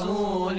الرسول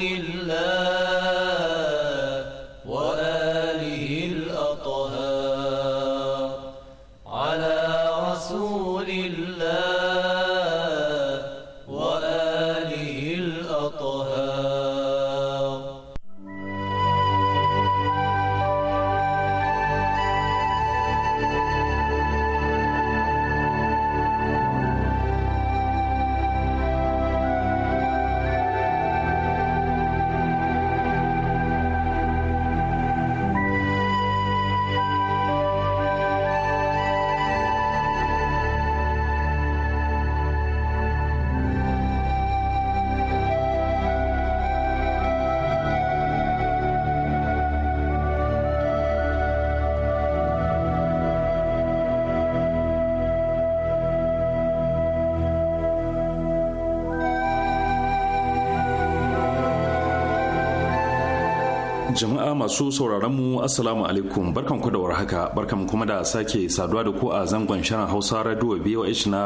masu sauraron mu assalamu alaikum barkan ku da warhaka barkan kuma da sake saduwa da ku a zangon shirin Hausa Radio BOH na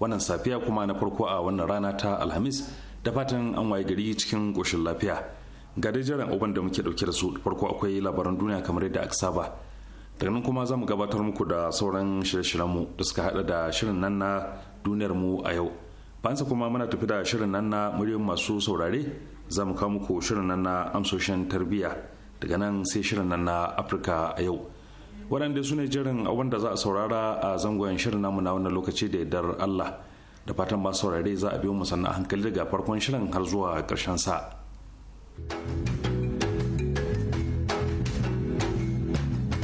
wannan safiya kuma na farko a wannan rana ta Alhamis da fatan an waye gari cikin goshin lafiya ga jiran uban da muke dauke da su farko akwai labaran duniya kamar yadda aka saba daga nan kuma zamu gabatar muku da sauran shirye-shiryen mu da suka hada da shirin nan na duniyar mu a yau bansa kuma muna tafi da shirin nan na muryoyin masu saurare za mu kawo muku shirin nan na amsoshin tarbiyya daga nan sai shirin nan na afirka a yau waɗanda su ne jirin abin da za a saurara a zangon shirin namu na wannan lokaci da yardar allah da fatan masu saurare za a biyo mu sannan hankali daga farkon shirin har zuwa ƙarshen sa.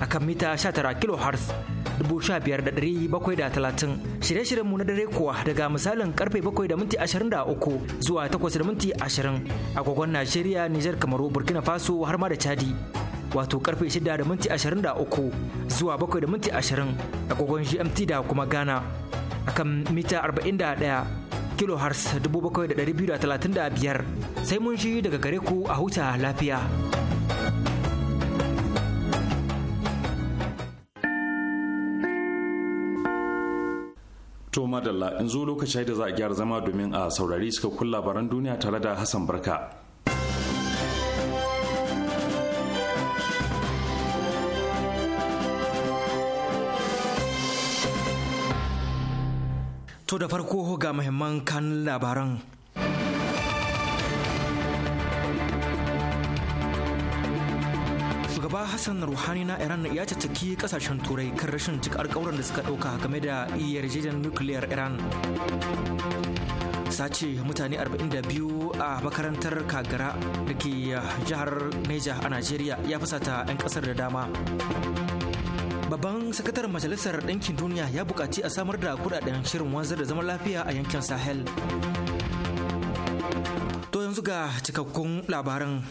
akan mita 19 da 15730 shirye-shiryenmu na dare kuwa daga misalin karfe bakwai da minti zuwa takwas da minti 20 agogon Najeriya, Nijar, Kamaru, Burkina Faso har ma da Chadi. Wato karfe shida da minti zuwa bakwai da minti 20 agogon GMT da kuma Ghana. Akan mita 41 da 7235 sai mun shi daga gare ku a huta lafiya. To madalla in zo lokaci da za a gyara zama domin a saurari suka kun labaran duniya tare da Hassan Barka. To da farko ga muhimman kan labaran shugaba hassan ruhani na iran ya caccaki kasashen turai kan rashin cika alkawuran da suka ɗauka game da yarjejen nukiliyar iran sace mutane 42 a makarantar kagara da ke jihar neja a najeriya ya fusata 'yan kasar da dama babban sakataren majalisar ɗinkin duniya ya buƙaci a samar da kudaden shirin wanzar da zaman lafiya a yankin sahel to yanzu ga cikakkun labaran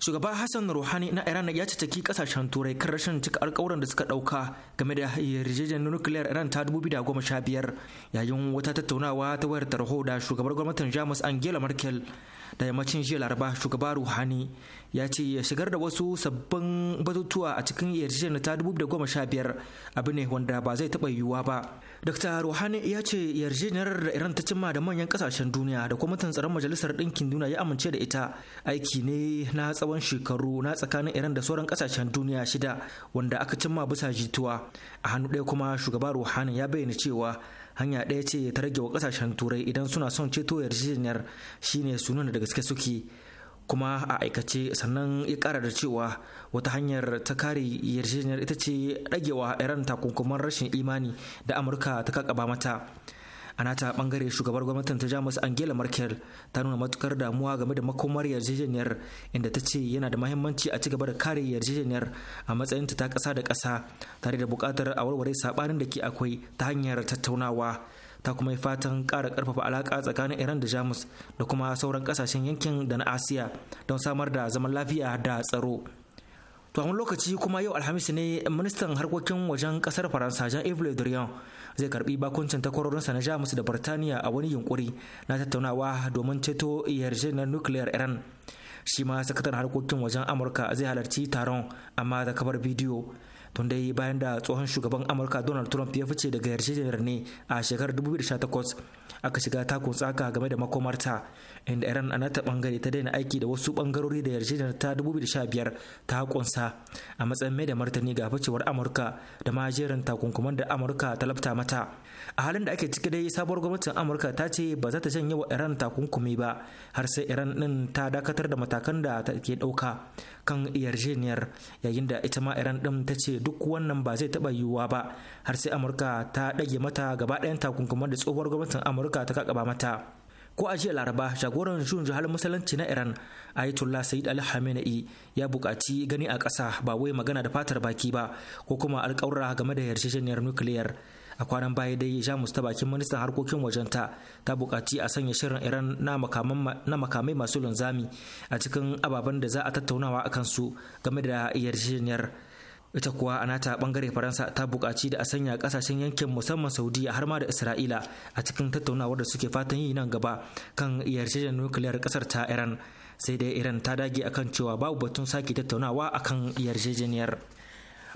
shugaba hassan ruhani na iran ya ki kasashen turai kan rashin cika alkawuran da suka dauka game da yarjejeniyar nukiliyar iran ta 2015 yayin wata tattaunawa ta wayar tarho da shugabar gwamnatin jamus angela merkel da yammacin jiya laraba shugaba ruhani ya ce ya shigar da wasu sabbin batutuwa a cikin yarjejeniyar ta 2015 abu ne wanda ba zai taba yiwuwa ba dr ruhani ya ce yarjejeniyar da iran ta cimma da manyan kasashen duniya da kwamitin tsaron majalisar ɗinkin duniya ya amince da ita aiki ne na tsawon tsawon shekaru na tsakanin iran da sauran kasashen duniya shida wanda aka cimma bisa jituwa a hannu ɗaya kuma shugaba ruhani ya bayyana cewa hanya ɗaya ce ta rage wa kasashen turai idan suna son ceto yarjejeniyar shine su nuna da gaske suke kuma a aikace sannan ya kara da cewa wata hanyar ta kare yarjejeniyar ita ce ragewa iran takunkuman rashin imani da amurka ta kakaba mata a nata bangare shugabar gwamnatin ta jamus angela merkel ta nuna matukar damuwa game da makomar yarjejeniyar inda ta ce yana da mahimmanci a cigaba da kare yarjejeniyar a matsayinta ta kasa da kasa tare da bukatar a warware sabanin da ke akwai ta hanyar tattaunawa ta kuma yi fatan kara karfafa alaƙa tsakanin iran da jamus da kuma sauran ƙasashen yankin da na asiya don samar da zaman lafiya da tsaro To wani lokaci kuma yau Alhamis ne ministan harkokin wajen kasar Faransa Jean-Yves Le Drian zai karbi bakuncin takwarorinsa na Jamus da Birtaniya a wani yunkuri na tattaunawa domin ceto yarjejeniyar nukiliyar Iran. Shi ma sakataren harkokin wajen Amurka zai halarci taron amma da kabar bidiyo tun dai bayan da tsohon shugaban amurka donald trump ya fice daga yarjejeniyar ne a shekarar 2018 aka shiga takun tsaka game da makomarta inda iran a bangare ta daina aiki da wasu bangarori da yarjejeniyar ta 2015 ta kunsa a matsayin mai da martani ga ficewar amurka da ma jerin takunkuman da amurka ta labta mata a halin da ake ciki dai sabuwar gwamnatin amurka ta ce ba za ta janye wa iran takunkumi ba har sai iran din ta dakatar da matakan da ta ke dauka kan yarjeniyar yayin da ita ma iran din ta ce duk wannan ba zai taba yiwuwa ba har sai amurka ta dage mata gaba ɗayan takunkuman da tsohuwar gwamnatin amurka ta kakaba mata ko a jiya laraba jagoran shun jihar musulunci na iran ayatollah sayyid ali khamenei ya bukaci gani a ƙasa ba wai magana da fatar baki ba ko kuma alƙawura game da yarjejeniyar nukiliyar a kwanan baya dai jamus ta bakin ministan harkokin wajenta ta bukaci a sanya shirin iran na makamai masu linzami a cikin ababen da za a tattaunawa a kansu game da yarjejeniyar ita kuwa a nata bangare faransa ta bukaci da a sanya kasashen yankin musamman saudiya har ma da isra'ila a cikin tattaunawar da suke fatan yi nan gaba kan yarjejeniyar nukiliyar kasar ta iran sai dai iran ta dage akan cewa babu batun sake tattaunawa akan yarjejeniyar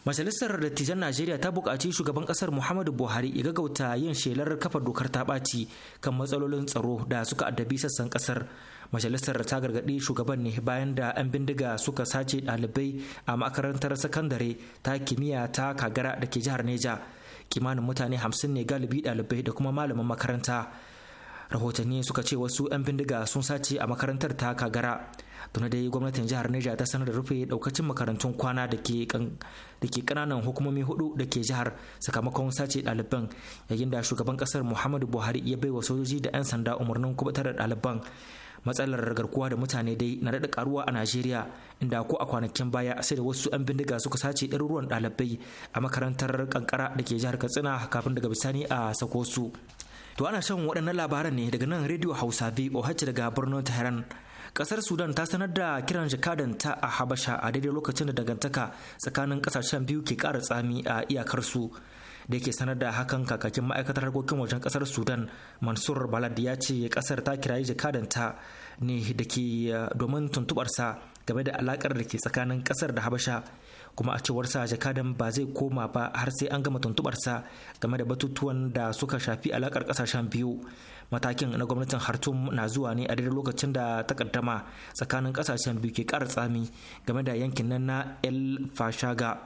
majalisar dattijan najeriya ta buƙaci shugaban ƙasar muhammadu buhari ya gaggauta yin shelar kafa dokar ta ɓaci kan matsalolin tsaro da suka addabi sassan ƙasar majalisar ta gargaɗi shugaban ne bayan da 'yan bindiga suka sace ɗalibai a makarantar sakandare ta kimiyya ta kagara da ke jihar neja kimanin mutane hamsin ne galibi ɗalibai da kuma malaman makaranta rahotanni suka ce wasu 'yan bindiga sun sace a makarantar ta kagara tuna dai gwamnatin jihar Niger ta sanar da rufe daukacin makarantun kwana da ke kananan hukumomi hudu da ke jihar sakamakon sace ɗaliban yayin da shugaban kasar Muhammadu Buhari ya baiwa sojoji da 'yan sanda umarnin kubutar da ɗaliban matsalar garkuwa da mutane dai na daɗa karuwa a najeriya inda ko a kwanakin baya sai da wasu 'yan bindiga suka sace ɗaruruwan ɗalibai a makarantar kankara da ke jihar katsina kafin daga bisani a sako to ana shan waɗannan labaran ne daga nan rediyo hausa voh daga birnin tehran kasar sudan ta sanar da kiran jakadanta a habasha a daidai lokacin da dangantaka tsakanin kasashen biyu ke kara tsami a iyakarsu da yake sanar da hakan kakakin ma'aikatar harkokin wajen kasar sudan mansur balad ya ce kasar ta kirayi jakadanta ne da ke eh, domin tuntubarsa game da alakar da ke tsakanin kasar da habasha kuma a cewarsa jakadan ba zai koma ba har sai an gama tuntubarsa game da batutuwan da suka shafi alakar kasashen biyu matakin na gwamnatin hartum na zuwa ne a daidai lokacin da takaddama tsakanin kasashen biyu ke ƙara tsami game da yankin nan na el fashaga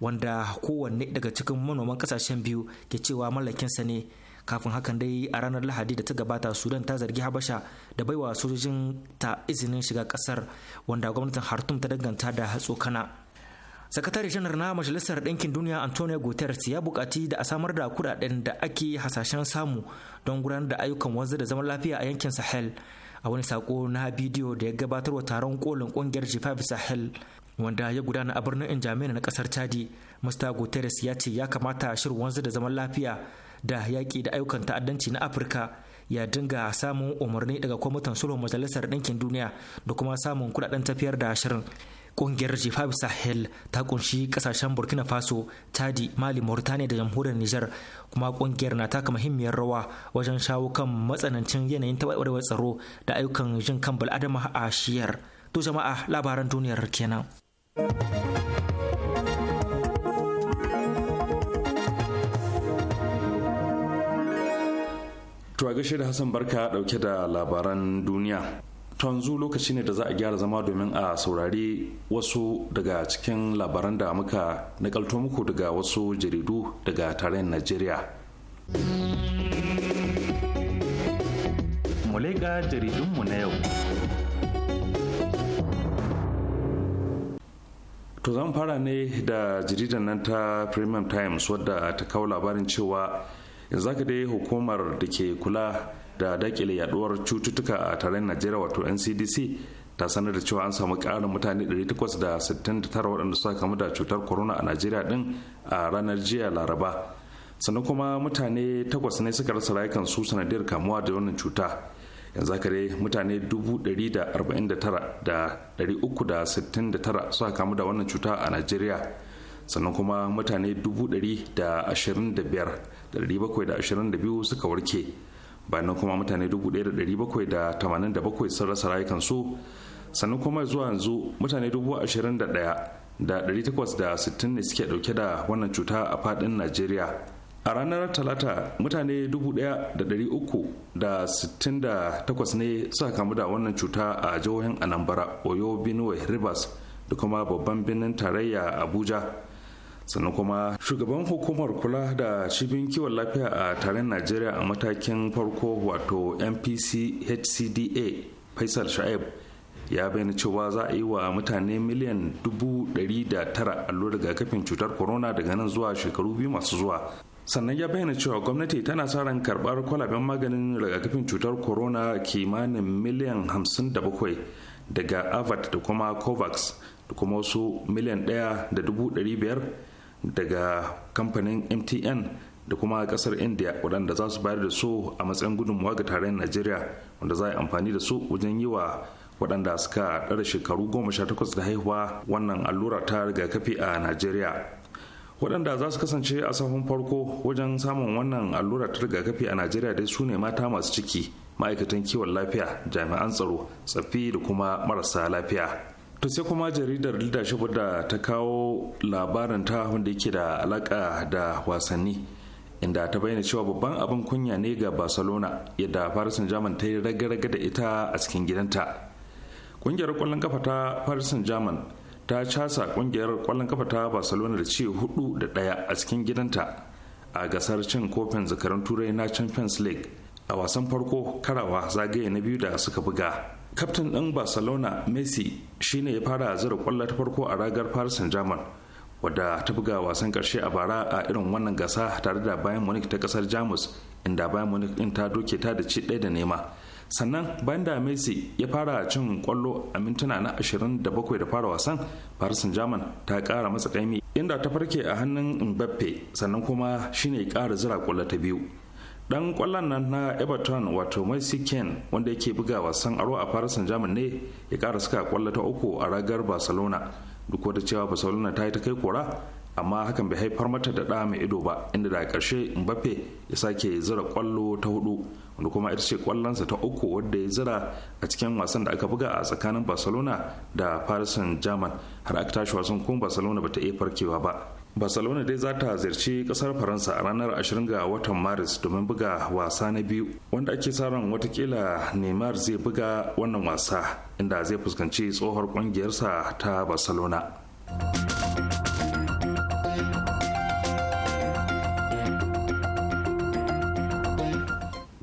wanda kowanne daga cikin manoman kasashen biyu ke cewa mallakinsa ne kafin hakan dai a ranar lahadi da ta gabata sudan ta zargi habasha da baiwa sojojin ta izinin shiga kasar wanda gwamnatin hartum ta danganta da tsokana sakatare janar na majalisar ɗinkin duniya antonio guterres ya buƙaci da a samar da kuɗaɗen da ake hasashen samu don gudanar da ayyukan wanzu da zaman lafiya a yankin sahel a wani sako na bidiyo da ya gabatarwa taron kolin ƙungiyar g sahel wanda ya gudana a birnin injamina na kasar chadi mr guterres ya ce ya kamata shirin wanzu da zaman lafiya da yaƙi da ayyukan ta'addanci na afirka ya dinga samun umarni daga kwamitin sulhun majalisar ɗinkin duniya da kuma samun kuɗaɗen tafiyar da shirin Ƙungiyar Jifab Sahel ta ƙunshi ƙasashen Burkina Faso, Chadi, Mali, Mauritania da jamhuriyar Nijar kuma ƙungiyar na taka muhimmiyar rawa wajen shawo kan matsanancin yanayin taɓarɓarewar tsaro da ayyukan jin kan bal'adama a shiyar. To jama'a labaran duniyar kenan. Tuwa gashi da Hassan Barka dauke da labaran duniya. tanzu lokaci ne da za a gyara zama domin a saurari wasu daga cikin labaran da muka nakalto muku daga wasu jaridu daga tarayyar Najeriya. Muleka jaridunmu na yau. To zan fara ne da jaridar nan ta Premium Times wadda ta kawo labarin cewa yanzu haka dai hukumar da ke kula da dakile yaduwar cututtuka a tarayyar najeriya wato ncdc ta sanar da cewa an samu ƙarin mutane 869 waɗanda suka kamu da cutar corona a najeriya din a ranar jiya laraba sannan kuma mutane takwas ne suka rasa rayukan su sanadiyar kamuwa da wannan cuta yanzu haka dai mutane 149,369 suka kamu da wannan cuta a najeriya sannan kuma mutane 125,722 suka warke bayan kuma mutane 1,787 sun rasa rayukansu sannan kuma zuwa yanzu mutane 21,860 ne suke dauke da wannan cuta a faɗin najeriya a ranar talata mutane sittin 1,368 ne suka kamu da wannan cuta a jihohin anambra oyo benue rivers da kuma babban birnin tarayya abuja sannan kuma shugaban hukumar kula da cibin kiwon lafiya a taron najeriya a matakin farko wato mpc hcda faisal sha'ib ya bayyana cewa za a yi wa mutane miliyan dubu da tara allurar rigakafin cutar corona daga nan zuwa shekaru biyu masu zuwa sannan ya bayyana cewa gwamnati tana sa ran karɓar kwalaben maganin rigakafin cutar corona kimanin miliyan hamsin da bakwai daga avat da kuma covax da kuma wasu miliyan ɗaya da dubu daga kamfanin mtn da kuma kasar india waɗanda za su bayar da su a matsayin gudunmawa ga tarayyar najeriya wanda za a yi amfani da su wajen yi wa waɗanda suka ɗara shekaru goma sha takwas da haihuwa wannan allura ta rigakafi a najeriya waɗanda za su kasance a sahun farko wajen samun wannan allura ta rigakafi a najeriya dai su ne mata masu ciki ma'aikatan kiwon lafiya jami'an tsaro tsaffi da kuma marasa lafiya to sai kuma jaridar leadership da ta kawo labarin ta wanda yake da alaka da wasanni inda ta bayyana cewa babban abin kunya ne ga barcelona yadda paris saint-germain ta yi raga-raga da ita a cikin gidanta kungiyar kwallon kafa ta paris saint-germain ta casa kungiyar kwallon kafa ta barcelona da ce hudu da daya a cikin gidanta a gasar cin kofin zakarun turai na champions league a wasan farko karawa zagaye na biyu da suka buga kaftin ɗin barcelona messi shine ya fara zira kwallo ta farko a ragar paris saint germain wadda ta buga wasan karshe a bara a irin wannan gasa tare da bayan munich ta kasar jamus inda bayan munich din ta doke ta da ci ɗaya da nema sannan bayan da messi ya fara cin kwallo a mintuna na 27 da fara wasan paris saint germain ta kara matsa kaimi inda ta farke a hannun mbappe sannan kuma shine ya kara zira kwallo ta biyu dan kwallon nan na everton wato mai ken wanda yake buga wasan aro a paris saint ne ya kara suka kwallo ta uku a ragar barcelona duk wata cewa barcelona ta yi ta kai kora amma hakan bai haifar mata da ɗa mai ido ba inda da ƙarshe mbappe ya sake zira kwallo ta hudu wanda kuma ita ce kwallonsa ta uku wadda ya zira a cikin wasan da aka buga a tsakanin barcelona da paris saint germain har aka tashi wasan kuma barcelona bata iya farkewa ba barcelona dai za ta ziyarci kasar faransa a ranar 20 ga watan maris domin buga wasa na biyu wanda ake sa ran watakila neymar zai buga wannan wasa inda zai fuskanci tsohon kungiyarsa ta barcelona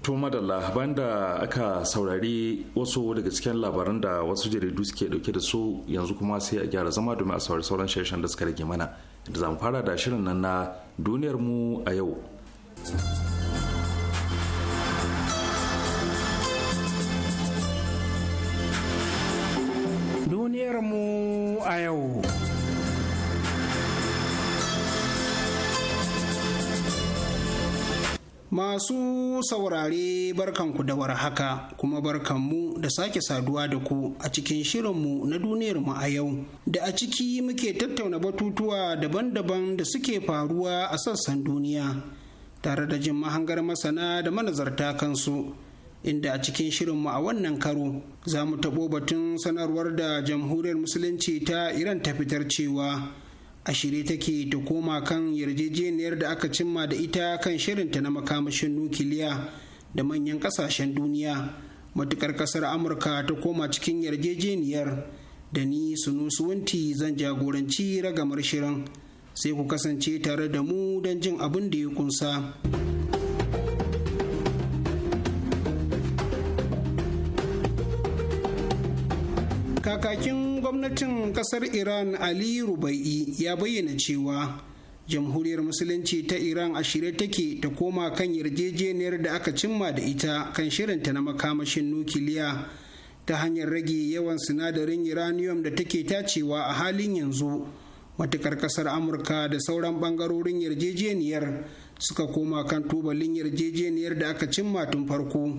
To madalla bayan da aka saurari wasu daga cikin labaran da wasu jaridu suke dauke da su yanzu kuma sai a gyara zama domin a saurari sauran shirin da suka rage mana. da zamu fara da shirin nan na duniyar mu a yau duniyar mu a yau Masu saurare barkanku da warhaka kuma barkanmu da sake saduwa da ku a cikin shirinmu na duniyarmu a yau da a ciki muke tattauna batutuwa daban-daban da suke faruwa a sassan duniya tare da jin mahangar masana da manazarta kansu. inda a cikin shirinmu a wannan karo za mu taɓo batun sanarwar da jamhuriyar musulunci ta iran ta fitar cewa a shirye take ta koma kan yarjejeniyar da aka cimma da ita kan shirinta na makamashin nukiliya da manyan kasashen duniya matukar kasar amurka ta koma cikin yarjejeniyar da ni sunu wunti zan jagoranci ragamar shirin sai ku kasance tare da mu don jin abin da ya kunsa. kakakin kasar iran ali rubai ya bayyana cewa jamhuriyar musulunci ta iran a shirye take ta koma kan yarjejeniyar da aka cimma da ita kan shirinta na makamashin nukiliya ta hanyar rage yawan sinadarin uranium da take tacewa a halin yanzu matukar kasar amurka da sauran bangarorin yarjejeniyar suka koma kan tubalin yarjejeniyar da aka cimma tun farko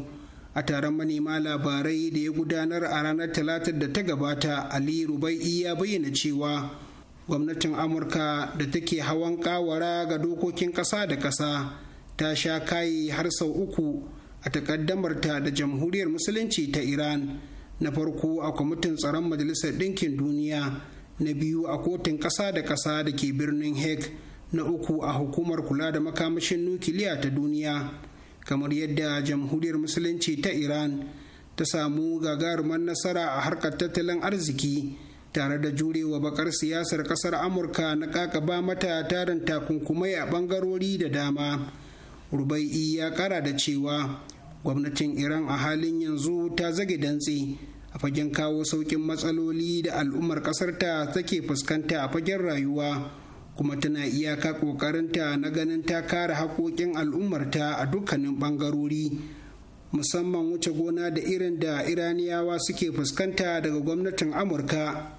a taron manema labarai da ya gudanar a ranar talatar da ta gabata ali rubai ya bayyana cewa gwamnatin amurka da take hawan kawara ga dokokin ƙasa da ƙasa ta sha kayi har sau uku a takaddamarta da jamhuriyar musulunci ta iran na farko a kwamitin tsaron majalisar ɗinkin duniya na biyu a kotun ƙasa da ƙasa da ke birnin hague na uku a hukumar kula da makamashin nukiliya ta duniya kamar yadda jamhuriyar musulunci ta iran ta samu gagarumar nasara a harkar tattalin arziki tare da jurewa bakar siyasar kasar amurka na kakaba mata tarin takunkumai a bangarori da dama rubai'i ya kara da cewa gwamnatin iran a halin yanzu ta zage dantse a fagen kawo saukin matsaloli da al'ummar ta take fuskanta a fagen rayuwa kuma tana iyaka ƙoƙarinta na ganin ta kare haƙoƙin al'ummarta a dukkanin ɓangarori musamman wuce gona da irin da iraniyawa suke fuskanta daga gwamnatin amurka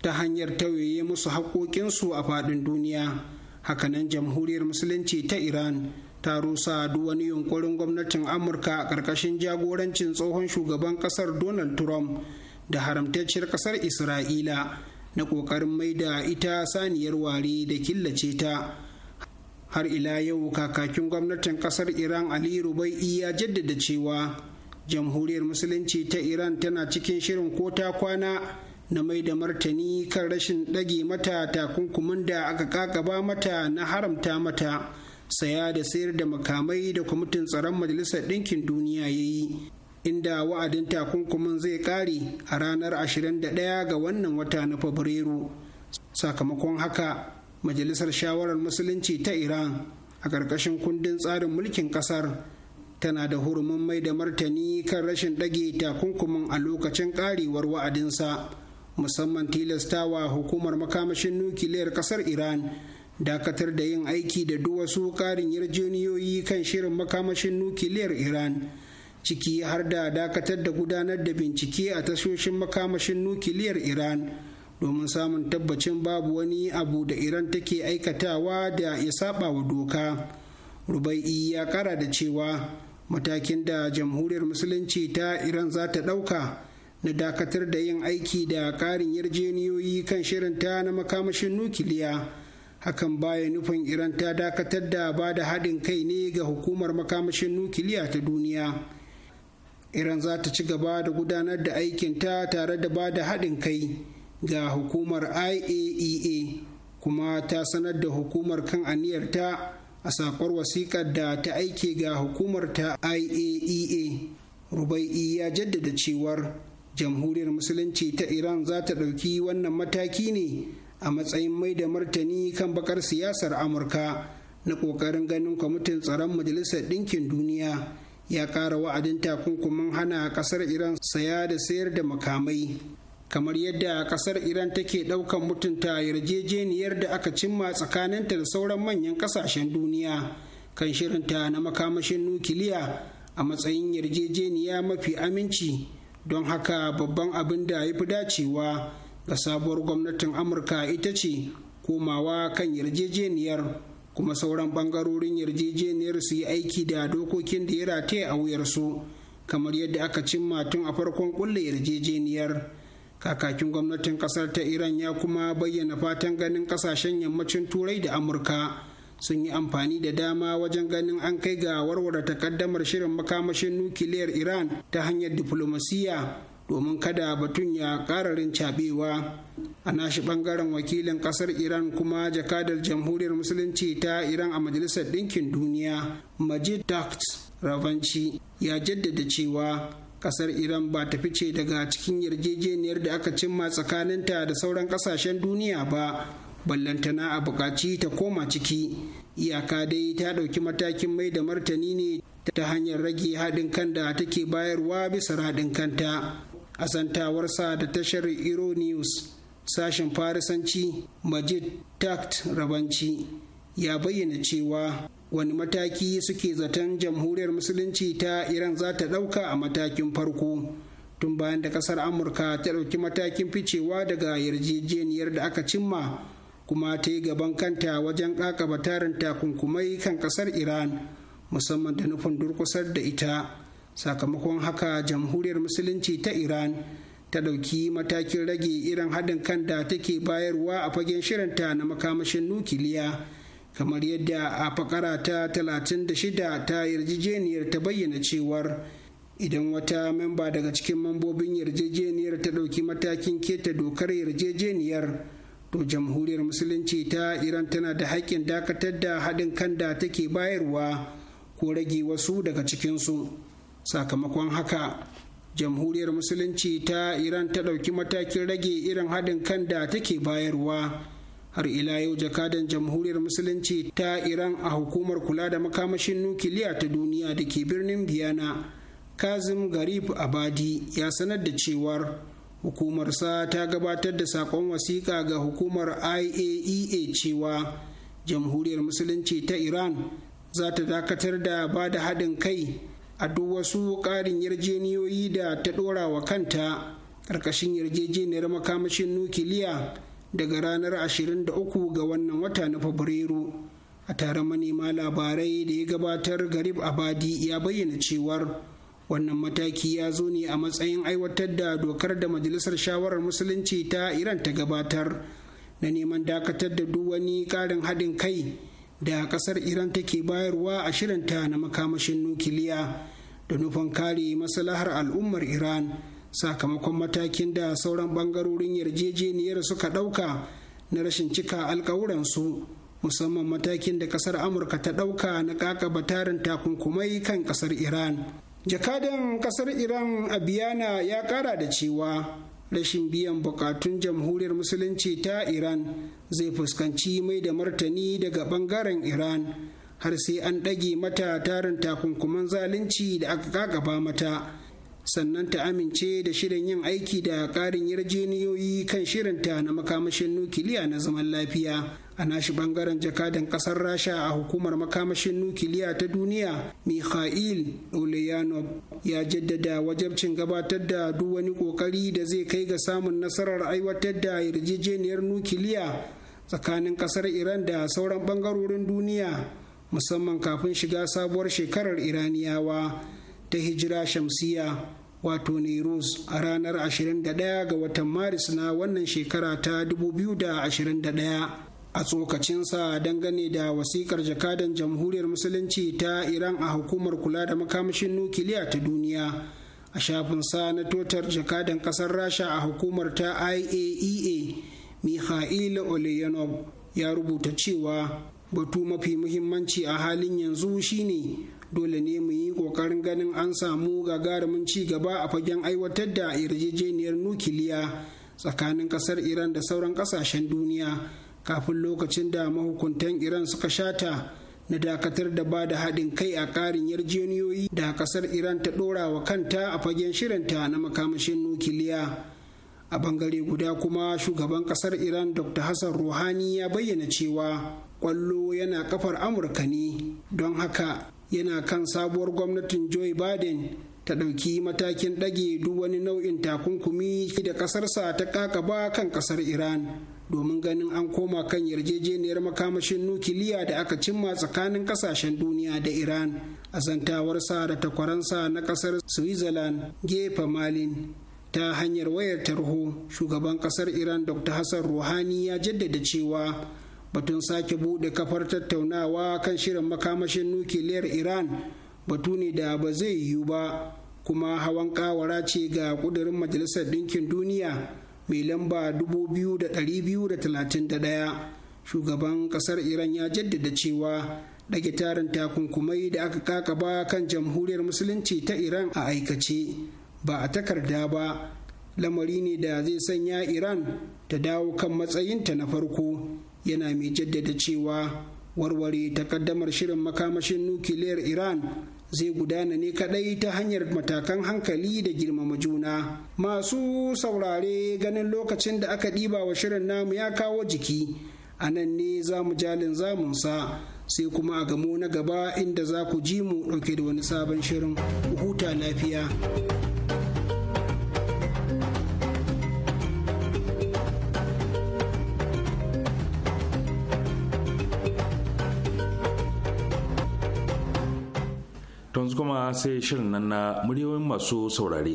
ta hanyar tauye musu haƙoƙinsu a faɗin duniya hakanan jamhuriyar musulunci ta iran ta rusa duk wani yunkurin gwamnatin amurka a ƙarƙashin jagorancin tsohon shugaban ƙasar donald trump da haramtacciyar ƙasar isra'ila na ƙoƙarin da ita saniyar ware da killace ta har ila yau kakakin gwamnatin ƙasar iran ali rubai ya jaddada cewa jamhuriyar musulunci ta iran tana cikin shirin ko ta kwana na mai da martani kan rashin ɗage mata takunkumin da aka kakaba mata na haramta mata saya da sayar da makamai da kwamitin tsaron majalisar ɗinkin duniya ya yi inda wa'adin takunkumin zai kare a ranar 21 ga wannan wata na fabrairu sakamakon haka majalisar shawarar musulunci ta iran a ƙarƙashin kundin tsarin mulkin ƙasar tana da hurumin mai da martani kan rashin ɗage takunkumin a lokacin ƙarewar wa'adinsa musamman tilastawa hukumar makamashin nukiliyar ƙasar iran dakatar da yin aiki da duwasu wasu ƙarin yarjeniyoyi kan shirin makamashin nukiliyar iran ciki har da dakatar da gudanar da bincike a tashoshin makamashin nukiliyar iran domin samun tabbacin babu wani abu da iran take aikatawa da ya saba wa doka rubai'i ya kara da cewa matakin da jamhuriyar musulunci ta iran za ta ɗauka na dakatar da yin aiki da karin yarjeniyoyi kan shirinta na makamashin nukiliya hakan baya nufin iran ta dakatar da ba da haɗin kai ne ga hukumar makamashin nukiliya ta duniya iran za ta ci gaba da gudanar da aikin ta tare da ba da haɗin kai ga hukumar iaea e kuma ta sanar da hukumar kan aniyarta a sakwar wasiƙar da ta aike ga hukumar ta iaea e rubai'i ya jaddada cewar jamhuriyar musulunci ta iran za ta ɗauki wannan mataki ne a matsayin mai da martani kan bakar siyasar amurka na ƙoƙarin ganin kwamitin tsaron majalisar ɗinkin duniya ya ƙara wa'adin takunkumin hana ƙasar iran saya da sayar da makamai kamar yadda ƙasar iran take ɗaukan mutunta yarjejeniyar da aka cimma tsakaninta da sauran manyan ƙasashen duniya kan shirinta na makamashin nukiliya a matsayin yarjejeniya mafi aminci don haka babban abin da ya fi dacewa ga sabuwar gwamnatin amurka ita ce komawa kan yarjejeniyar kuma sauran bangarorin yarjejeniyar su yi aiki da dokokin da ya rataya a wuyar su kamar yadda aka cimma tun a farkon kulle yarjejeniyar kakakin gwamnatin kasar ta iran ya kuma bayyana fatan ganin kasashen yammacin turai da amurka sun yi amfani da dama wajen ganin an kai ga warware takaddamar shirin makamashin nukiliyar iran ta hanyar diflomasiya domin kada batun ya kararin cabewa a nashi bangaren wakilin kasar iran kuma jakadar jamhuriyar musulunci ta iran a majalisar ɗinkin duniya majid dakt ravanci ya jaddada cewa kasar iran ba ta fice daga cikin yarjejeniyar da aka cimma tsakaninta da sauran kasashen duniya ba ballantana a bukaci ta koma ciki iyaka dai ta ɗauki matakin mai da martani ne ta hanyar rage haɗin kan da take bayarwa bisa raɗin kanta a asantawarsa da tashar euronews sashen farisanci majid takt rabanci ya bayyana cewa wani mataki suke zaton jamhuriyar musulunci ta iran za ta ɗauka a matakin farko tun bayan da ƙasar amurka ta ɗauki matakin ficewa daga yarjejeniyar da aka cimma kuma ta yi gaban kanta wajen ƙaƙaba tarin takunkumai kan ƙasar iran musamman da nufin durkusar da ita sakamakon haka jamhuriyar musulunci ta iran ta ɗauki matakin rage irin haɗin kan da take bayarwa a fagen shirinta na makamashin nukiliya kamar yadda a fakara ta 36 ta yarjejeniyar ta bayyana cewar idan wata memba daga cikin mambobin yarjejeniyar ta ɗauki matakin keta dokar yarjejeniyar to jamhuriyar musulunci ta iran tana da haƙƙin dakatar da haɗin kan da take bayarwa ko rage wasu daga cikinsu sakamakon haka jamhuriyar musulunci ta iran ta ɗauki matakin rage irin haɗin kan da take bayarwa har ila yau jakadan jamhuriyar musulunci ta iran a hukumar kula da makamashin nukiliya ta duniya da ke birnin biyana kazim garib abadi ya sanar da cewar hukumarsa ta gabatar da sakon wasiƙa ga hukumar iaea e cewa jamhuriyar musulunci ta iran za ta dakatar da ba da haɗin kai a duk wasu ƙarin yarjejeniyoyi da ta ɗora wa kanta ƙarƙashin yarjejeniyar makamashin nukiliya daga ranar 23 ga wannan wata na fabrairu a taron manema labarai da ya gabatar garib abadi ya bayyana cewar wannan mataki ya zo ne a matsayin aiwatar da dokar da majalisar shawarar musulunci ta iran ta gabatar na neman dakatar da duk wani ƙarin haɗin kai da kasar iran take bayarwa a shirinta na makamashin nukiliya da nufin kare maslahar al'ummar iran sakamakon matakin da sauran bangarorin yarjejeniyar suka ɗauka na rashin cika alkawuransu musamman matakin da kasar amurka ta ɗauka na kakaba tarin takunkumai kan kasar iran jakadan kasar iran abiyana ya ƙara da cewa rashin biyan bukatun jamhuriyar musulunci ta iran zai fuskanci mai da martani daga bangaren iran har sai an ɗage mata tarin takunkuman zalunci da aka gaba mata sannan ta amince da shirin yin aiki da ƙarin yarjeniyoyi kan shirinta na makamashin nukiliya na zaman lafiya a nashi bangaren jakadan kasar rasha a hukumar makamashin nukiliya ta duniya mikhail oleyanov ya jaddada wajabcin gabatar da duk wani kokari da zai kai ga samun nasarar aiwatar da yarjejeniyar nukiliya tsakanin kasar iran da sauran bangarorin duniya musamman kafin shiga sabuwar shekarar iraniyawa ta hijira shamsiya wato Neros a ranar 21 ga watan Maris na wannan shekara ta 2021 a tsokacinsa dangane da wasikar jakadan jamhuriyar musulunci ta Iran a hukumar kula da makamashin nukiliya ta duniya a shafin shafinsa na totar jakadan kasar rasha a hukumar ta IAEA e Mikhail Oleyanov ya rubuta cewa batu mafi muhimmanci a halin yanzu shine dole ne mu yi kokarin ganin an samu gagarumin ci gaba a fagen aiwatar da yarjejeniyar nukiliya tsakanin kasar iran da sauran kasashen duniya kafin lokacin da mahukuntan iran suka shata na dakatar da ba da haɗin kai a ƙarin yarjejeniyoyi da kasar iran ta ɗora wa kanta a fagen shirinta na makamashin nukiliya a bangare guda kuma shugaban kasar iran dr hassan ruhani ya bayyana cewa kwallo yana kafar amurka ne don haka yana kan sabuwar gwamnatin joe biden ta ɗauki matakin ɗage duk wani nau'in takunkumi da ƙasarsa ta ƙaƙaba kan ƙasar iran domin ganin an koma kan yarjejeniyar makamashin nukiliya da aka cimma tsakanin ƙasashen duniya da iran a zantawarsa da takwaransa na ƙasar switzerland gefe malin ta hanyar wayar tarho shugaban ƙasar iran dr hassan ruhani ya jaddada cewa batun sake buɗe kafar tattaunawa kan shirin makamashin nukiliyar iran batu ne da ba zai yiwu ba kuma hawan kawara ce ga kudurin majalisar ɗinkin duniya mai lamba 2231 shugaban ƙasar iran ya jaddada cewa ɗage tarin takunkumai da aka kakaba kan jamhuriyar musulunci ta iran a aikace ba a takarda ba lamari ne da zai sanya iran ta dawo kan matsayinta na farko yana mai jaddada cewa warware takaddamar shirin makamashin nukiliyar iran zai gudana ne kadai ta hanyar matakan hankali da girmama juna masu saurare ganin lokacin da aka ɗiba wa shirin namu ya kawo jiki a nan ne za mu jalin zamunsa sai kuma a gamo na gaba inda za ku ji mu ɗauke da wani sabon shirin huta lafiya. sai shirin nan na muryoyin masu saurare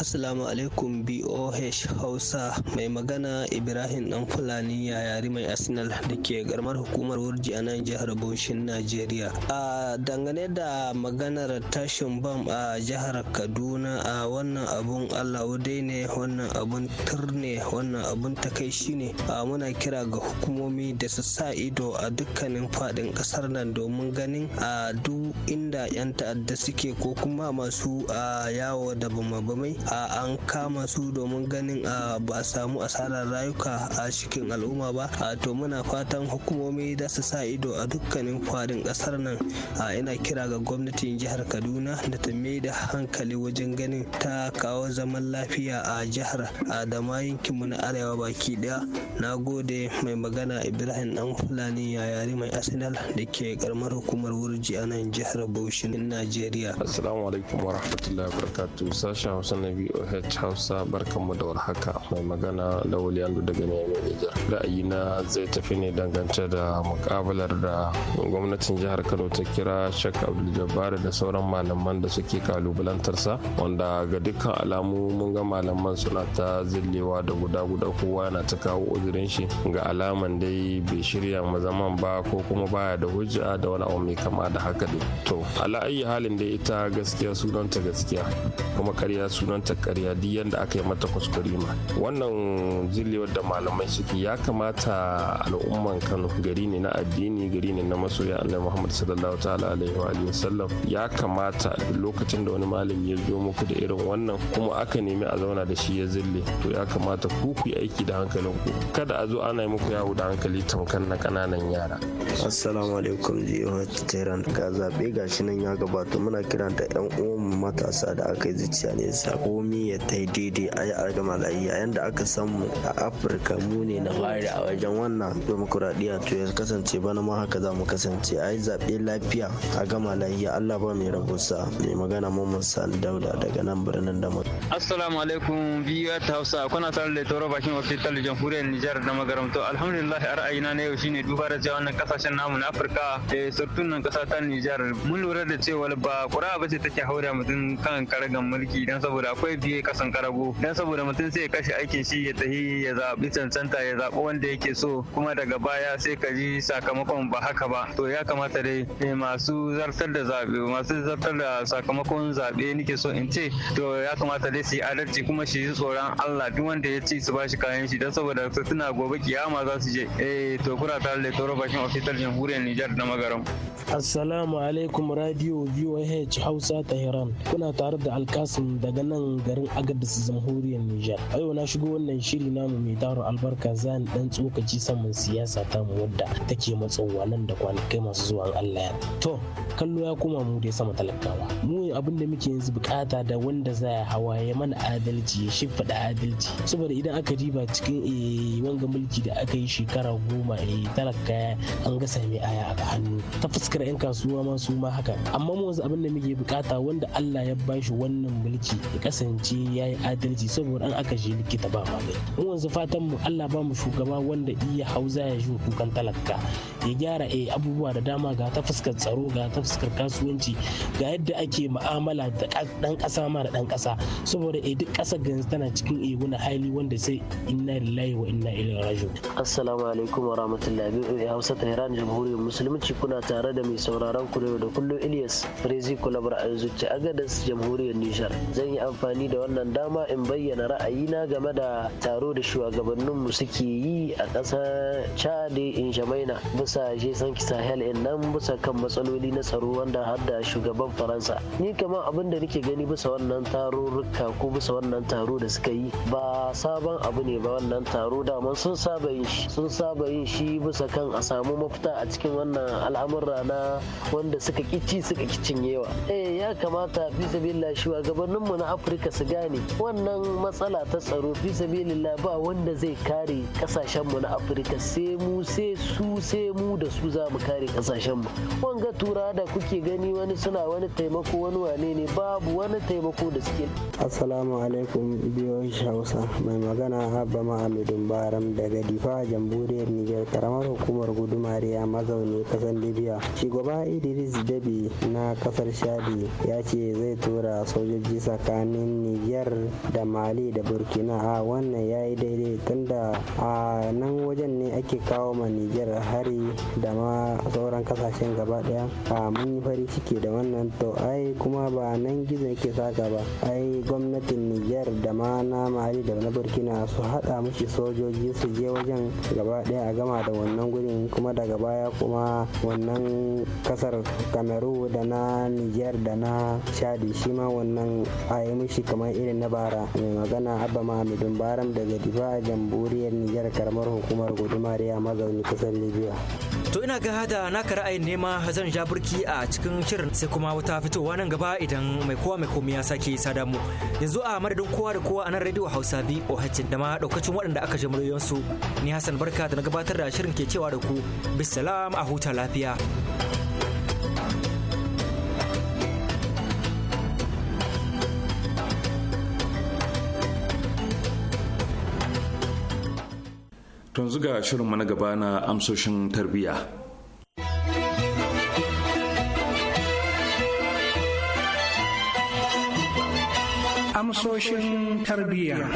Assalamu alaikum BOH Hausa mai magana Ibrahim Dan Fulani yari mai Arsenal da ke garmar hukumar wurji a nan jihar Bauchin Najeriya. A dangane da maganar tashin bam a jihar Kaduna a wannan abun Allah dai ne wannan abun ne wannan abun takaici ne a muna kira ga hukumomi da su sa ido a dukkanin faɗin ƙasar nan domin ganin a duk inda 'yan ta'adda suke ko kuma masu a yawo da bama-bamai A an kama su domin ganin a ba a samu asarar rayuka a cikin al'umma ba to muna fatan hukumomi da su sa ido a dukkanin faɗin ƙasar nan a ina kira ga gwamnatin jihar kaduna da ta mai da hankali wajen ganin ta kawo zaman lafiya a jihar da ma mu na arewa baki ɗaya. na gode mai magana ibrahim dan fulani yayari mai arsenal da ke karamar hukumar wurji a nan jihar bauchi najeriya assalamu alaikum warahmatullahi wabarakatuh sashen hausa na VOH Hausa barkanmu da warhaka mai magana Lawal Yandu daga Niamey Nijar. Ra'ayina zai tafi ne dangance da mukabalar da gwamnatin jihar Kano ta kira Sheikh Abdul Jabbar da sauran malaman da suke kalubalantarsa wanda ga dukkan alamu mun ga malaman suna ta zillewa da guda guda kowa na ta kawo uzurin shi ga alaman dai bai shirya ma zaman ba ko kuma baya da hujja da wani abu mai kama da haka dai. To, ala halin da ita gaskiya sunanta gaskiya kuma karya sunan manta karya duk yadda aka yi mata kuskure ma wannan zillewar da malamai suke ya kamata al'umman kano gari ne na addini gari ne na masoya allah muhammad sallallahu alaihi wa sallam ya kamata lokacin da wani malami ya zo muku da irin wannan kuma aka nemi a zauna da shi ya zille to ya kamata ku ku yi aiki da hankalin ku kada a zo ana yi muku yawo da hankali tamkar na kananan yara assalamu alaikum jihohar tehran ga zaɓe gashi nan ya gabata muna kiranta yan uwan matasa da aka yi zuciya ne sako komi ya ta daidai a yi argama layi a yanda aka samu a afirka mu ne na fari a wajen wannan demokuraɗiyya to ya kasance bana ma haka za mu kasance a yi zaɓe lafiya a gama lahiya allah ba mai rahusa mai magana mamman sani dauda daga nan birnin da assalamu alaikum biyu ta hausa kuna tare da taurar bakin hospital jamhuriyar nijar da to alhamdulillah a ra'ayina na yau shine duba da cewa wannan kasashen namu na afirka da eh, nan kasa ta nijar mun lura da cewa ba kura ba ce take haura mutum kan karagan mulki idan saboda akwai ya kasan karago dan saboda mutum sai ya kashe aikin shi ya tahi ya zaɓi cancanta ya zaɓi wanda yake so kuma daga baya sai ka ji sakamakon ba haka ba to ya kamata dai masu zartar da zaɓe masu zartar da sakamakon zaɓe nake so in ce to ya kamata dai su yi adalci kuma shi ji tsoron Allah duk wanda ya ci su bashi kayan shi dan saboda su tuna gobe kiyama za su je eh to kura ta le toro bakin ofisar jamhuriyar Nijar da Magaram Assalamu alaikum radio VOH Hausa Tehran kuna tare da Alkasim daga nan nan garin agadis jamhuriyar nijar a yau na shigo wannan shiri namu mai taron albarka zan dan tsokaci saman siyasa ta mu wadda take matsowa nan da kwanakai masu zuwa allah ya to kallo ya koma mu dai sama talakawa mu abin da muke yanzu bukata da wanda za hawa ya mana adalci ya shimfiɗa adalci saboda idan aka riba cikin eh, wanga mulki da aka yi shekara goma eh, talaka an ga mai aya a hannu ta fuskar 'yan kasuwa ma su ma haka amma mu yanzu abin da muke bukata wanda allah ya bashi wannan mulki ya kasa kasance ya yi adalci saboda an aka je likita ba magani mu wanzu fatan mu Allah ba mu shugaba wanda iya hauza ya shi kukan talaka ya gyara eh abubuwa da dama ga ta fuskar tsaro ga ta fuskar kasuwanci ga yadda ake mu'amala da dan kasa ma dan kasa saboda eh duk kasar yanzu tana cikin eh wani hali wanda sai inna lillahi wa inna ilaihi raji'un assalamu alaikum wa rahmatullahi wa eh, Hausa ta Iran jamhuriyar musulunci kuna tare da mai sauraron ku da kullum Ilyas Rezi Kulabar a zuci Agadas jamhuriyar Nijar zan yi amfani amfani da wannan dama in bayyana ra'ayina game da taro da shugabanninmu suke yi a ƙasar chade in jamaina bisa jesan sahel in nan bisa kan matsaloli na tsaro wanda har da shugaban faransa ni kamar abin da nake gani bisa wannan tarurruka ko bisa wannan taro da suka yi ba sabon abu ne ba wannan taro daman sun saba yin shi sun saba yin shi bisa kan a samu mafita a cikin wannan al'amurra na wanda suka kici suka kicin yawa eh ya kamata fi sabilillah shugabanninmu na afirka afirka su gane wannan matsala ta tsaro fi sabilillah ba wanda zai kare kasashen mu na afirka sai mu sai su sai mu da su za mu kare mu wanga tura da kuke gani wani suna wani taimako wani wane ne babu wani taimako da suke assalamu alaikum biyoyin hausa mai magana habba ma'amidun baram daga difa jamhuriyar niger karamar hukumar gudumariya mazauni kasar libya shugaba idris dabi na kasar shadi ya ce zai tura sojoji tsakanin Ni'jar niger da mali da burkina a wannan ya yi daidai tunda a nan wajen ne ake kawo ma niger hari da ma sauran kasashen gaba daya a mun yi fari ciki da wannan to ai kuma ba nan gizo yake saka ba ai gwamnatin niger da ma na mali da na burkina su haɗa mushi sojoji su je wajen gaba daya a gama da wannan gurin kuma daga baya kuma wannan kasar kameru da na niger da na chadi shi ma wannan a yi shi kamar irin na bara mai magana abba mahamudin baram daga diba a jamhuriyar nijar karamar hukumar gudumariya mazauni kusan libya to ina ga hada naka ra'ayin nema zan ja burki a cikin shirin sai kuma wata fitowa nan gaba idan mai kowa mai komai ya sake sada mu yanzu a madadin kowa da kowa a nan radio hausa bi ohacin da ma daukacin waɗanda aka ji su ni hassan barka da na gabatar da shirin ke cewa da ku bisalam a huta lafiya tun ga shirinmu na gaba na amsoshin tarbiyya amsoshin tarbiyya